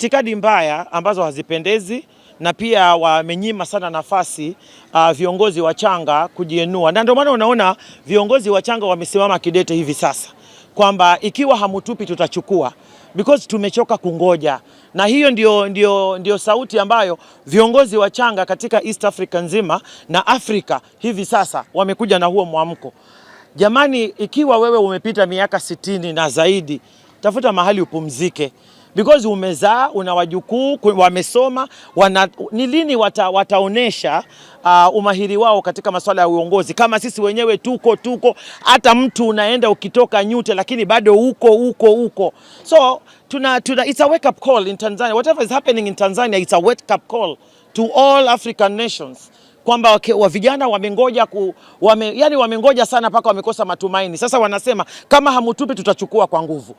Itikadi mbaya ambazo hazipendezi na pia wamenyima sana nafasi uh, viongozi wachanga kujienua, na ndio maana unaona viongozi wachanga wamesimama kidete hivi sasa kwamba ikiwa hamutupi tutachukua, because tumechoka kungoja. Na hiyo ndio, ndio, ndio sauti ambayo viongozi wachanga katika East Africa nzima na Afrika hivi sasa wamekuja na huo mwamko. Jamani, ikiwa wewe umepita miaka sitini na zaidi, tafuta mahali upumzike because umezaa una wajukuu wamesoma wana, ni lini wata, wataonesha uh, umahiri wao katika masuala ya uongozi kama sisi wenyewe tuko tuko, hata mtu unaenda ukitoka nyute, lakini bado uko uko uko. So tuna, tuna, it's a wake up call in Tanzania, whatever is happening in Tanzania it's a wake up call to all African nations kwamba wa vijana wamengoja ku, wame, yani wamengoja sana mpaka wamekosa matumaini. Sasa wanasema kama hamutupi tutachukua kwa nguvu.